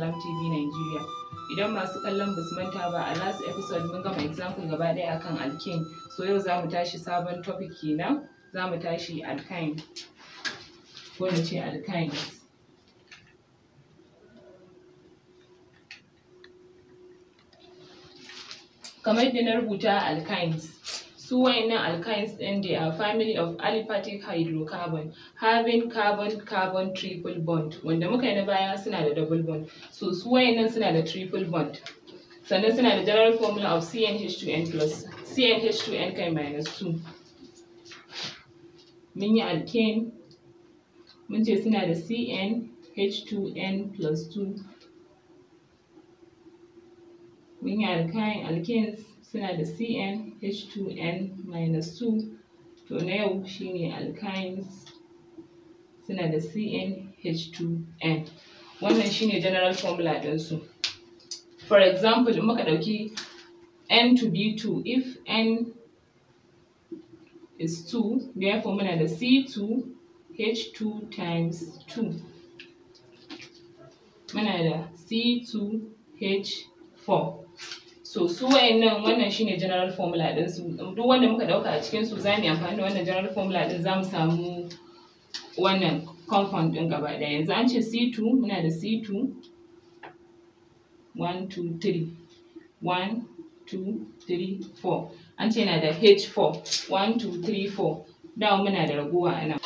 Salam TV Nigeria. Idan masu kallon basu manta ba a last episode mun gama example gaba ɗaya akan alkane. So yau za mu tashi sabon topic kenan za mu tashi alkane. Ko na ce alkane. Kamar yadda na rubuta alkynes su wayannan alkynes ɗin they are family of aliphatic hydrocarbon having carbon carbon triple bond wanda muka yi na baya suna da double bond so su wayannan suna da triple bond sannan suna da general formula of CnH2n plus CnH2n kai minus 2 mun yi alkane mun ce suna da CnH2n plus 2 mun yi alkyne alkenes suna da cn h2n 2 to na yau shine alkynes suna da cn h2n wannan shine general formula su. for example in muka ɗauki n to b2 if n is 2 therefore muna da c2 h2 times 2 muna da c2 h4 so su wayannan wannan shine general formula din su duk wanda muka dauka a cikin su zamu amfani da wannan general formula din zamu samu wannan compound din gaba daya yanzu an ce C2 muna da C2 1 2 3 1 2 3 4 an ce na da H4 1 2 3 4 dawo muna da raguwa a nan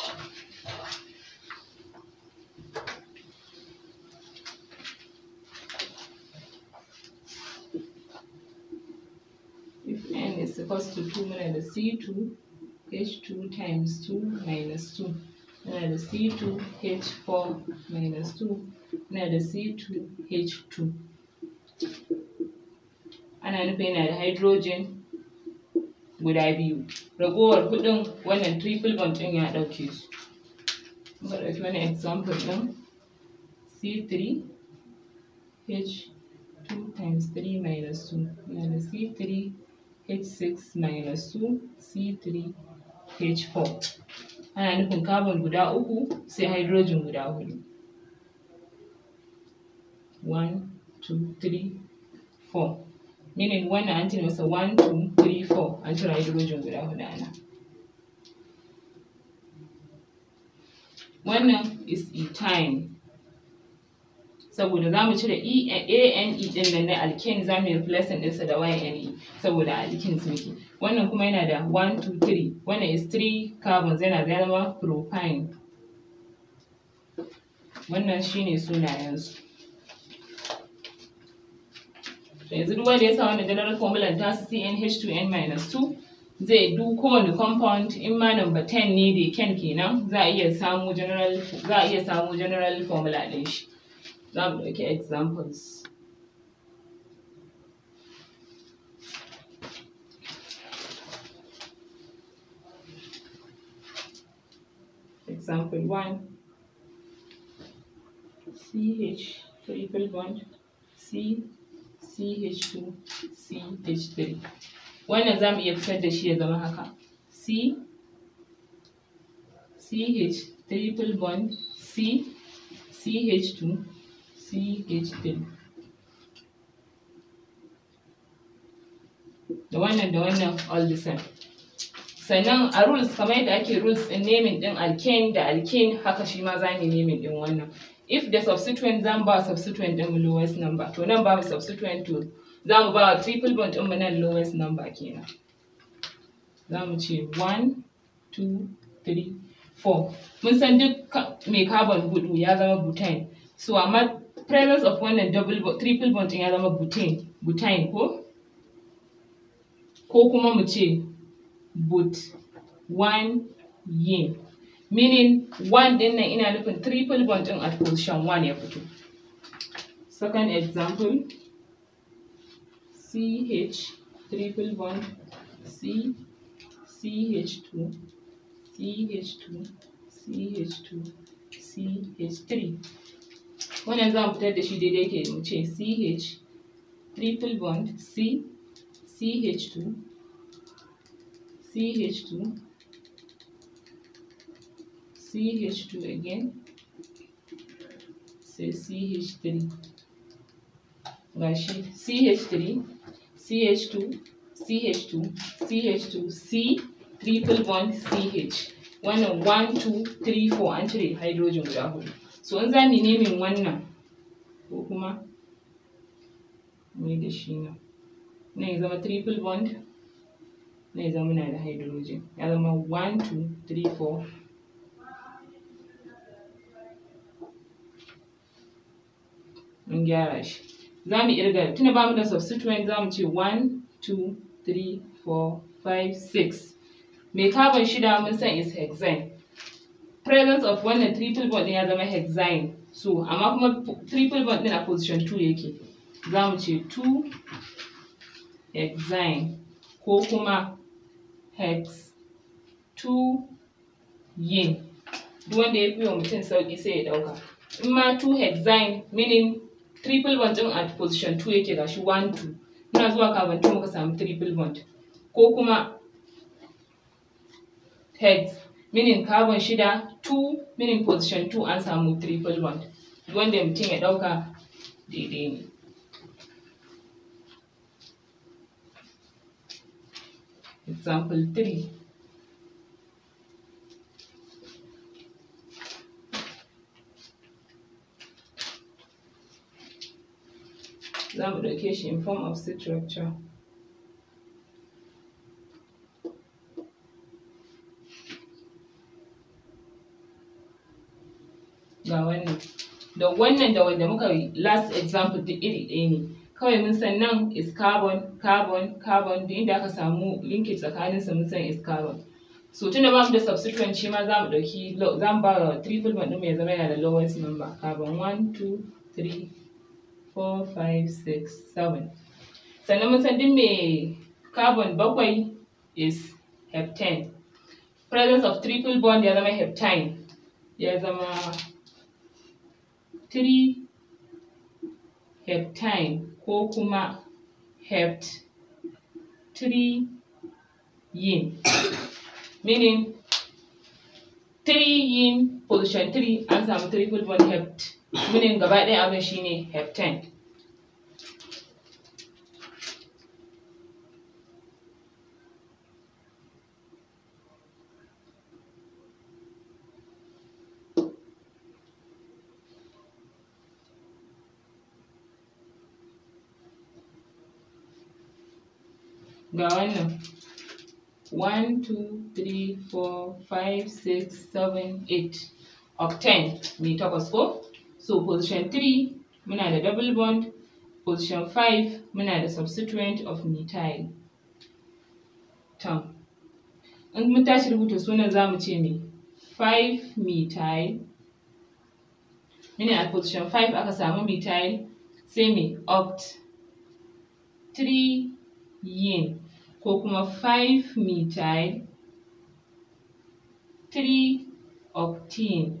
cos to 2 C2 H2 times 2 minus 2 Minus C2 H4 minus 2 Minus C2 H2 And then we da hydrogen guda biyu ragowar kuɗin wannan triple bond and ya ɗauke su muka ɗauki wani example ɗin C3 H2 times 3 minus 2 Minus C3 H6 minus 2 C3 H4 ana nufin carbon guda uku sai hydrogen guda hudu 1 2 3 4 meaning wannan an cire masa 1 2 3 4 an cire hydrogen guda hudu ana wannan is ethyne saboda za mu cire ane eh, e din nan na alkene za mu yi replacing ɗinsa da yne saboda su muke wannan kuma yana da 1 2 3 wannan is 3 carbon yana da zama propane wannan shine sunayensu yanzu duk wanda ya sa wannan general formula ta su CnH2n-2 zai duk kowane compound in ma number 10 ne da ken kenan za a iya samu general za a iya samu general formula din shi Now look at examples. Example 1 CH triple bond C CH2 CH3 wannan za you iya fitar is shi ya zama haka C CH triple bond C CH2 CH3 da wannan da wannan all the same sannan a rules kamar yadda ake rules in naming din alkane da alkene haka shi ma za mu naming din wannan if the substituent za ba substituent din lowest number to nan ba mu substituent to za mu ba triple bond din mu nan lowest number kenan za mu ce 1 2 3 4 mun san duk mai carbon hudu ya zama butane so amma premise of and double triple bonding ya zama butane butane ko ko kuma mu ce but one yin meaning one din nan ina nufin triple bond at position one ya fito second example ch triple bond c ch2 ch2 ch2 ch3 One example, that fitar da shi daidai ke ch triple bond c ch2 ch2 ch2 again sai ch3 gashi ch3 ch2 ch2 ch2 c triple bond ch One, one, two, three, four. 1 2 3 hydrogen guda so in za mu nemin wannan ko kuma mu da shi nan nan ya zama triple bond nan ya zama muna da hydrogen ya zama 1 2 3 4 mun gyara shi za mu irga tuna ba mu da substituent za mu ce 1 2 3 4 5 6 mai carbon shida mun san is hexane presence of wannan triple bond ya zama hexane so amma kuma triple bond din a position 2 yake za mu ce 2 hexane ko kuma hex 2 yin duk wanda ya fi wa mutum sauki sai ya dauka in ma 2 hexane meaning triple bond din a position 2 yake gashi 1 2 muna zuwa kafin muka samu triple bond ko kuma hex meaning carbon shida two meaning position two an samu triple bond wanda mutum ya ɗauka daidai ne example 3 za mu ɗauke shi in form of structure da wannan da wanda muka yi last example duk iri ɗaya ne kawai mun san nan is carbon carbon carbon duk inda aka samu linkage tsakanin su mun san is carbon so tunda ba mu da substituent shi ma za mu ɗauki za mu ba triple bond ɗin mai zama yana da lowest number carbon 1 2 3 4 5 6 7 sannan mun san duk mai carbon bakwai is heptane presence of triple bond ya zama heptane ya zama 3 heptine ko kuma hept 3 yin meaning 3 yin position 3 an samu triple bond hept meaning gaba ɗaya abin shine heptine ga wannan 1 2 3 4 5 6 7 8 octane mai takwas ko so position 3 muna da double bond position 5 muna da substituent of methyl term in mun tashi rubuta sunan za mu ce ne 5 methyl muna a position 5 aka samu methyl sai me oct 3 yin ko kuma 5 methyl 3 octane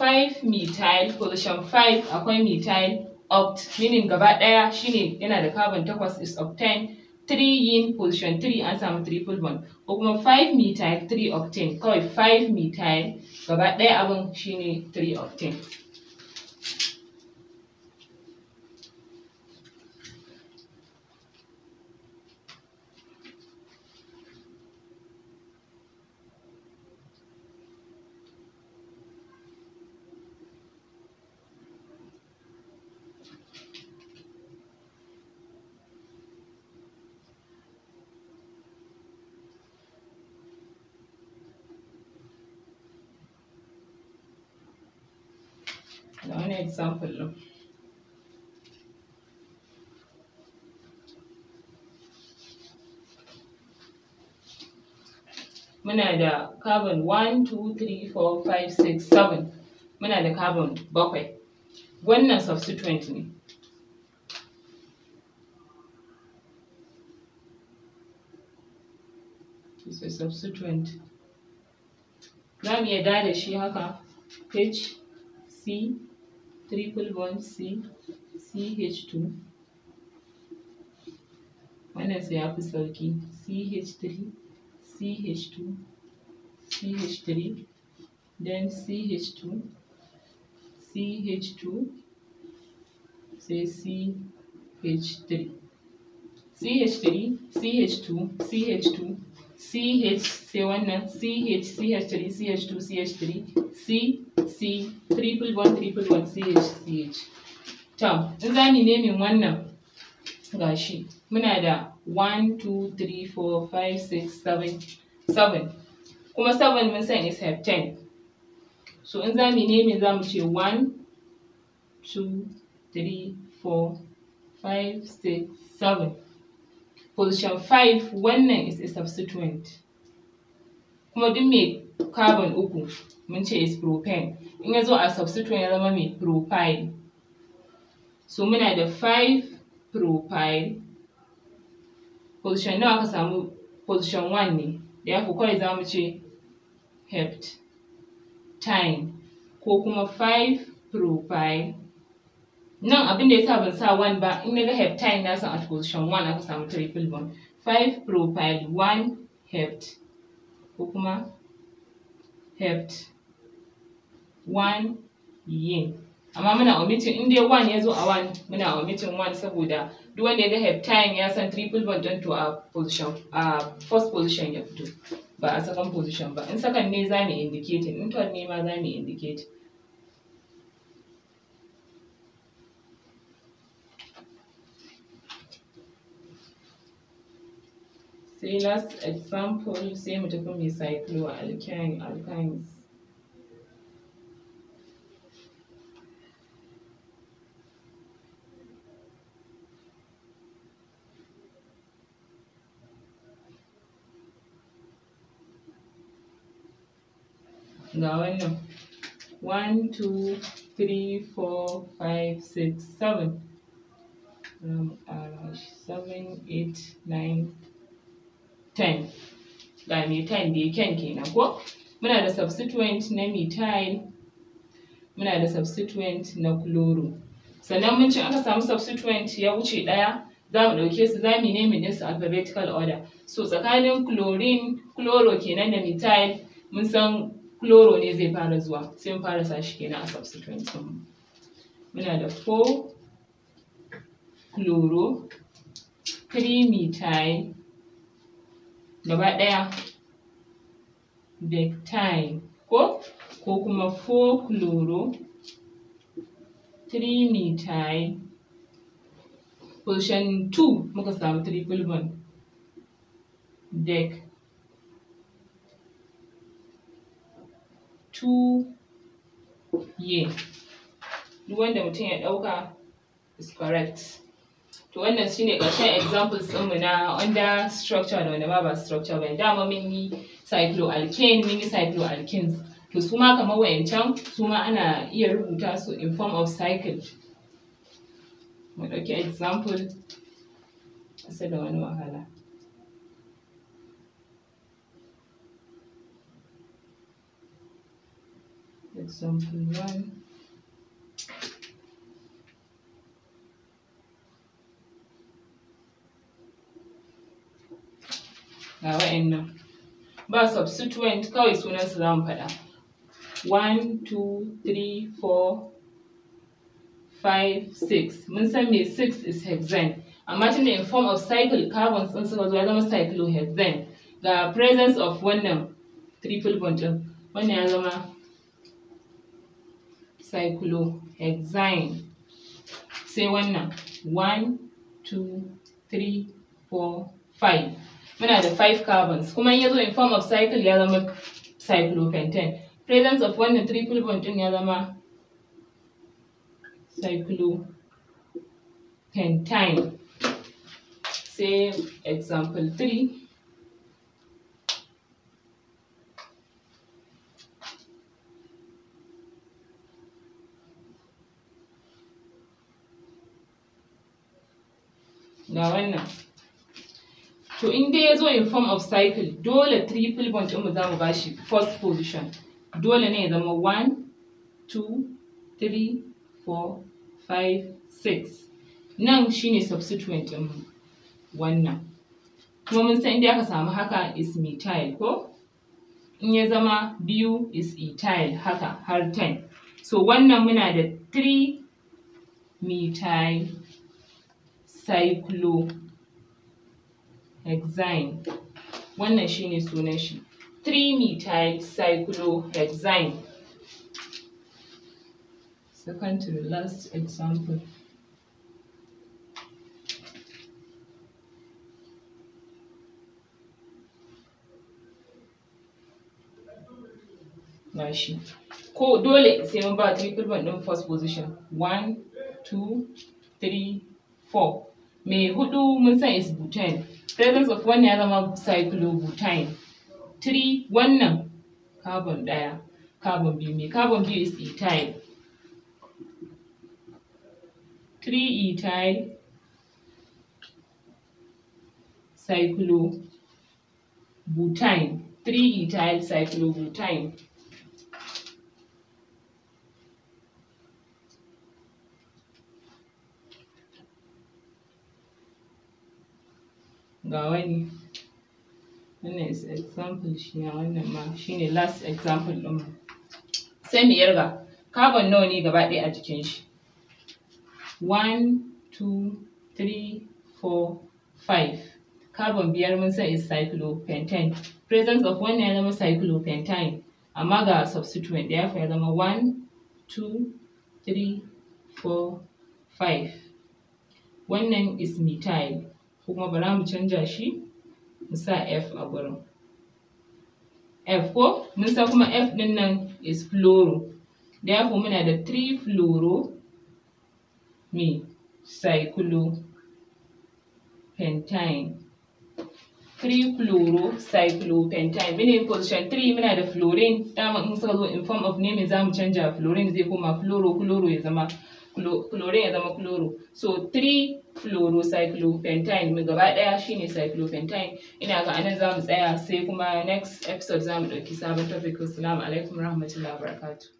5 methyl position 5 akwai methyl oct meaning gaba daya shine yana da carbon 8 is octane 3 in position 3 an samu triple bond ko kuma 5 methyl 3 octane kawai 5 methyl gaba daya abin shine 3 octane da wani example ɗin muna da carbon one, two, 3 four, five, six, seven. muna da carbon bakwai wannan substituent ne sai substituent za mu da shi haka h c triple bond C, C H CH2 minus यहाँ पे सर की C H three then C C H two CH2, CH2 से two C H two CH sai wannan CH CH3 CH2 CH3 C C triple one triple one CH CH to in za mu one wannan gashi muna da 1 2 3 4 5 6 7 7 kuma 7 mun san is have ten so in za mu nemin za ce 1 2 3 4 5 6 7 Position 5 wannan is a substituent. Kuma duk mai carbon uku mun ce is propane. In ya zo a substituent ya zama mai propyne. So muna da 5 propyne. Position nawa aka samu position 1 ne. Da haka kawai za mu ce heptine ko kuma 5 propyne. nan abin da ya sa ban sa 1 ba in naga heptine na san at position 1 aka samu triple bond 5 propyl 1 hept ko kuma hept 1 yin amma muna omitin in dai 1 ya zo a 1 muna omitin 1 saboda duk wanda ya ga heptine ya san triple bond don to a position a first position ya fito ba a second position ba in second ne za mu indicating in third ne ma za mu indicating Say last example same with the mai cyclo alkyne alkynes. ga wannan 1 2 3 4 5 um, uh, 10 ga da yake kenan ko muna da substituent na methyl muna da substituent na chloro sannan mun ci aka samu substituent ya wuce ɗaya za mu ɗauke su za mu nemi su alphabetical order so tsakanin chlorine chloro kenan da methyl mun san chloro ne zai fara zuwa sai mun fara sa shi kenan a substituent ɗin muna da 4 chloro 3 methyl gaba ɗaya bectine ko ko kuma folkloro trinitai position 2 muka samu triple bond deck 2 ye duk wanda mutum ya ɗauka is correct to wannan shine ƙarshen examples ɗinmu na under structure da wanda ba ba structure ba dama mun yi cycloalkane mun yi cycloalkenes to su ma kamar wayancan su ma ana iya rubuta su in form of cycle mu ɗauki example ƙasa da wani wahala example one ga wa'annan ba substituent kawai sunan su mu faɗa one two three four five six mun san me six is hexane amma tunda in form of cycle carbons ɗin suka zo ya zama cyclohexane ga presence of wannan triple bond ɗin wannan ya zama cyclohexane sai wannan 1 2 3 4 5 When are the 5 carbons kuma in yazo in form of cycle ya zama cyclopentane presence of wannan triple bond din ya zama cyclopentine sai example 3 ga wannan to in dai yazo in form of cycle dole triple bond din mu za mu bashi first position dole ne ya zama 1 2 3 4 5 6 nan shine substituent ɗinmu wannan kuma mun san inda aka samu haka is methyl ko in ya zama biyu is ethyl haka har 10 so wannan muna da 3 methyl cyclo hexane wannan shine sunan shi trimethyl cyclohexane second to the last example gashi ko dole sai mun ba triple bond ɗin first position one two three four mai hudu mun san is butane presence of one of cycle over time. 3 wannan carbon dia, carbon biyu carbon biyu is ethyl 3 ethyl cyclobutane 3 ethyl cyclobutane ga wani wannan is example shi ne wannan ma shi ne last example ɗin mu sai mu yarga carbon nawa ne gaba ɗaya a jikin shi one two three four five carbon biyar mun san is cyclopentane presence of wannan ya zama cyclopentane amma ga substituent da ya zama one two three four five wannan is methyl kuma ba za mu canja shi mu sa F a gurin. F ko? Mun san kuma F ɗin nan is fluoro. Therefore muna da 3 fluoro me cyclopentine. 3 fluoro cyclopentine. Mene position 3 muna da fluorine. Dama in suka zo in form of name za mu canja fluorine zai koma fluoro, chloro ya zama chlorine ya zama chloro so 3 fluorocyclopentine gaba daya shine cyclopentine ina ga anan zamu tsaya sai kuma next episode zamu dauki sabon topic assalamu alaikum rahmatullahi wabarakatuh